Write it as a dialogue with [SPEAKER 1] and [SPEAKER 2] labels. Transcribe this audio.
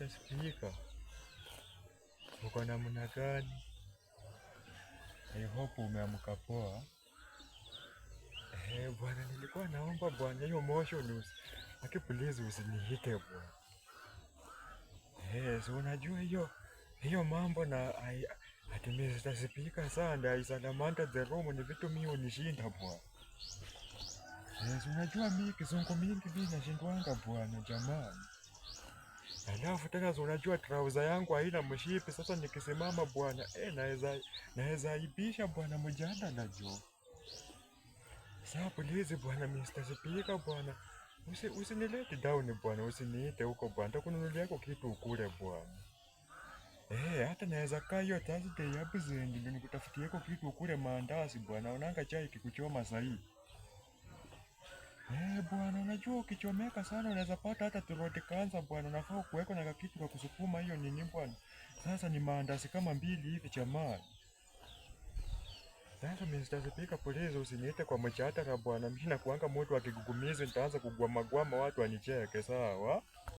[SPEAKER 1] Mr. Speaker, uko namna gani? I hope umeamka poa.
[SPEAKER 2] Eh, bwana nilikuwa naomba bwana hiyo motion news. Aki please usiniite bwana. Eh, so unajua hiyo hiyo mambo na ati Mr. Speaker sana isalamanda the room ni vitu mimi unishinda bwana.
[SPEAKER 1] Eh, so unajua mimi kizungu mingi mimi nashindwanga bwana jamani.
[SPEAKER 2] Alafu tena unajua trouser yangu haina mshipi. Sasa nikisimama bwana, eh, naweza naweza ibisha bwana mjanda na jo. Sasa please bwana, Mr. Speaker bwana, usi usinilete down bwana, usiniite huko bwana, nitakununulia yako kitu ukule bwana.
[SPEAKER 1] Eh, hata naweza kaa hiyo Thursday hapo zende nikutafutie yako kitu ukule maandazi bwana, unanga chai kikuchoma sahihi.
[SPEAKER 2] Unajua ukichomeka sana unaweza pata hata throat cancer bwana, unafaa kuweka na kitu kwa kusukuma hiyo nini bwana. Sasa ni maandasi kama mbili hivi jamani.
[SPEAKER 1] Sasa Mr. Speaker, polezi usiniite kwa na bwana, mimi nakuanga moto akigugumizi nitaanza kugwamagwama watu anicheke, sawa?